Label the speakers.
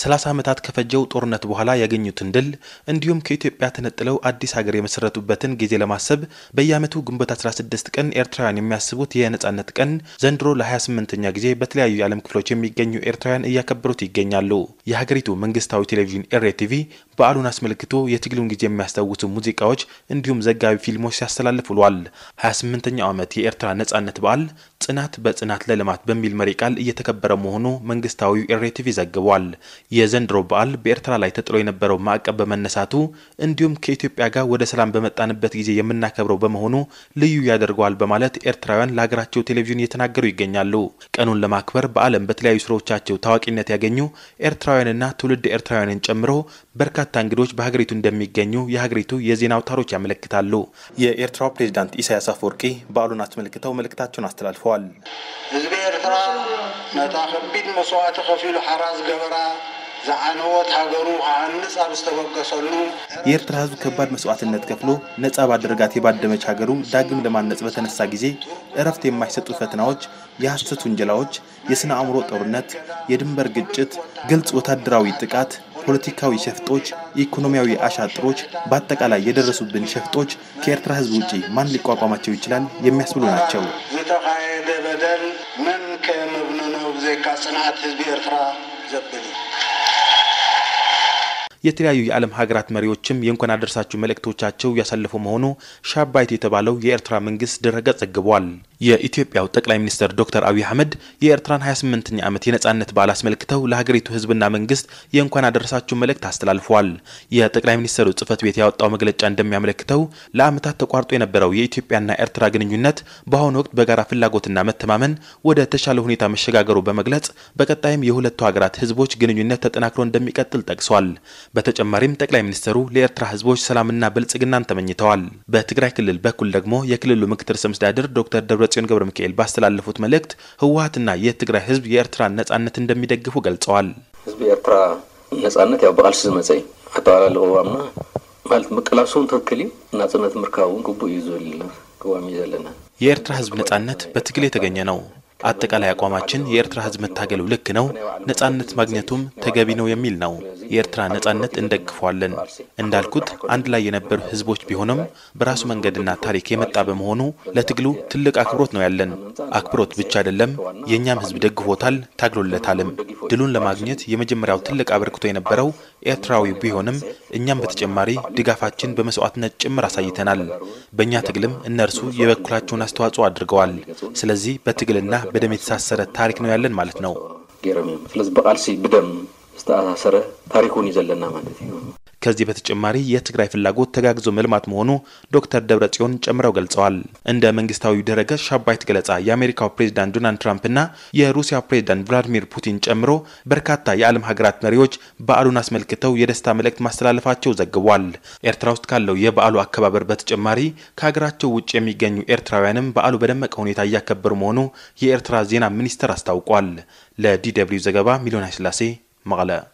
Speaker 1: ሰላሳ ዓመታት ከፈጀው ጦርነት በኋላ ያገኙትን ድል እንዲሁም ከኢትዮጵያ ተነጥለው አዲስ ሀገር የመሰረቱበትን ጊዜ ለማሰብ በየዓመቱ ግንቦት 16 ቀን ኤርትራውያን የሚያስቡት የነጻነት ቀን ዘንድሮ ለ28ኛ ጊዜ በተለያዩ የዓለም ክፍሎች የሚገኙ ኤርትራውያን እያከበሩት ይገኛሉ። የሀገሪቱ መንግስታዊ ቴሌቪዥን ኤርኤቲቪ በዓሉን አስመልክቶ የትግሉን ጊዜ የሚያስታውሱ ሙዚቃዎች እንዲሁም ዘጋቢ ፊልሞች ሲያስተላልፍ ውሏል። 28ኛው ዓመት የኤርትራ ነጻነት በዓል ጽናት በጽናት ለልማት በሚል መሪ ቃል እየተከበረ መሆኑ መንግስታዊው ኤርኤቲቪ ዘግቧል። የዘንድሮ በዓል በኤርትራ ላይ ተጥሎ የነበረው ማዕቀብ በመነሳቱ እንዲሁም ከኢትዮጵያ ጋር ወደ ሰላም በመጣንበት ጊዜ የምናከብረው በመሆኑ ልዩ ያደርገዋል በማለት ኤርትራውያን ለሀገራቸው ቴሌቪዥን እየተናገሩ ይገኛሉ። ቀኑን ለማክበር በዓለም በተለያዩ ስራዎቻቸው ታዋቂነት ያገኙ ኤርትራ ኤርትራውያንና ትውልድ ኤርትራውያንን ጨምሮ በርካታ እንግዶች በሀገሪቱ እንደሚገኙ የሀገሪቱ የዜና አውታሮች ያመለክታሉ። የኤርትራው ፕሬዚዳንት ኢሳያስ አፈወርቂ በዓሉን አስመልክተው መልእክታቸውን አስተላልፈዋል። ህዝቢ ኤርትራ ነታ ከቢድ ከፊሉ ሓራ ዝገበራ ዘአንወት ሀገሩ አንጻ ብስተበገሰሉ የኤርትራ ህዝብ ከባድ መስዋዕትነት ከፍሎ ነጻ ባደረጋት የባደመች ሀገሩ ዳግም ለማነጽ በተነሳ ጊዜ እረፍት የማይሰጡ ፈተናዎች፣ የሐሰት ውንጀላዎች፣ የሥነ አእምሮ ጦርነት፣ የድንበር ግጭት፣ ግልጽ ወታደራዊ ጥቃት ፖለቲካዊ ሸፍጦች፣ ኢኮኖሚያዊ አሻጥሮች፣ በአጠቃላይ የደረሱብን ሸፍጦች ከኤርትራ ህዝብ ውጪ ማን ሊቋቋማቸው ይችላል የሚያስብሉ ናቸው። ዝተካየደ በደል መን ከመብንነው ብዘይካ ጽንዓት ህዝቢ ኤርትራ ዘብል የተለያዩ የዓለም ሀገራት መሪዎችም የእንኳን አደረሳችሁ መልእክቶቻቸው ያሳለፉ መሆኑ ሻባይት የተባለው የኤርትራ መንግስት ድረገጽ ዘግቧል። የኢትዮጵያው ጠቅላይ ሚኒስትር ዶክተር አብይ አህመድ የኤርትራን 28ኛ ዓመት የነጻነት በዓል አስመልክተው ለሀገሪቱ ህዝብና መንግስት የእንኳን አደረሳችሁ መልእክት አስተላልፈዋል። የጠቅላይ ሚኒስትሩ ጽህፈት ቤት ያወጣው መግለጫ እንደሚያመለክተው ለዓመታት ተቋርጦ የነበረው የኢትዮጵያና ኤርትራ ግንኙነት በአሁኑ ወቅት በጋራ ፍላጎትና መተማመን ወደ ተሻለ ሁኔታ መሸጋገሩ በመግለጽ በቀጣይም የሁለቱ ሀገራት ህዝቦች ግንኙነት ተጠናክሮ እንደሚቀጥል ጠቅሷል። በተጨማሪም ጠቅላይ ሚኒስትሩ ለኤርትራ ህዝቦች ሰላምና ብልጽግናን ተመኝተዋል። በትግራይ ክልል በኩል ደግሞ የክልሉ ምክትል ርዕሰ መስተዳድር ዶክተር ደብረ ደብረጽዮን ገብረ ሚካኤል ባስተላለፉት መልእክት ህወሀትና የትግራይ ህዝብ የኤርትራን ነጻነት እንደሚደግፉ ገልጸዋል። ህዝብ የኤርትራ ነጻነት ያው በቃልሲ ዝመፀ እዩ ቅዋምና ማለት ምቅላብሶም ትክክል እዩ ናጽነት ምርካብ እውን ግቡእ እዩ ዝብል ቅዋሚ ዘለና የኤርትራ ህዝብ ነጻነት በትግል የተገኘ ነው። አጠቃላይ አቋማችን የኤርትራ ህዝብ መታገሉ ልክ ነው፣ ነጻነት ማግኘቱም ተገቢ ነው የሚል ነው። የኤርትራ ነጻነት እንደግፏለን። እንዳልኩት አንድ ላይ የነበሩ ህዝቦች ቢሆንም በራሱ መንገድና ታሪክ የመጣ በመሆኑ ለትግሉ ትልቅ አክብሮት ነው ያለን። አክብሮት ብቻ አይደለም፣ የእኛም ህዝብ ደግፎታል፣ ታግሎለታልም። ድሉን ለማግኘት የመጀመሪያው ትልቅ አበርክቶ የነበረው ኤርትራዊ ቢሆንም እኛም በተጨማሪ ድጋፋችን በመስዋዕትነት ጭምር አሳይተናል። በእኛ ትግልም እነርሱ የበኩላቸውን አስተዋጽኦ አድርገዋል። ስለዚህ በትግልና በደም የተሳሰረ ታሪክ ነው ያለን ማለት ነው። ስለዚህ በቃልሲ ብደም ዝተኣሳሰረ ታሪክ እውን እዩ ዘለና ማለት እዩ ከዚህ በተጨማሪ የትግራይ ፍላጎት ተጋግዞ መልማት መሆኑ ዶክተር ደብረ ጽዮን ጨምረው ገልጸዋል። እንደ መንግስታዊ ድረገጽ ሻባይት ገለጻ የአሜሪካው ፕሬዚዳንት ዶናልድ ትራምፕ ና የሩሲያ ፕሬዚዳንት ቭላዲሚር ፑቲን ጨምሮ በርካታ የዓለም ሀገራት መሪዎች በዓሉን አስመልክተው የደስታ መልእክት ማስተላለፋቸው ዘግቧል። ኤርትራ ውስጥ ካለው የበዓሉ አከባበር በተጨማሪ ከሀገራቸው ውጭ የሚገኙ ኤርትራውያንም በዓሉ በደመቀ ሁኔታ እያከበሩ መሆኑ የኤርትራ ዜና ሚኒስቴር አስታውቋል። ለዲ ደብልዩ ዘገባ ሚሊዮን ስላሴ። مغلا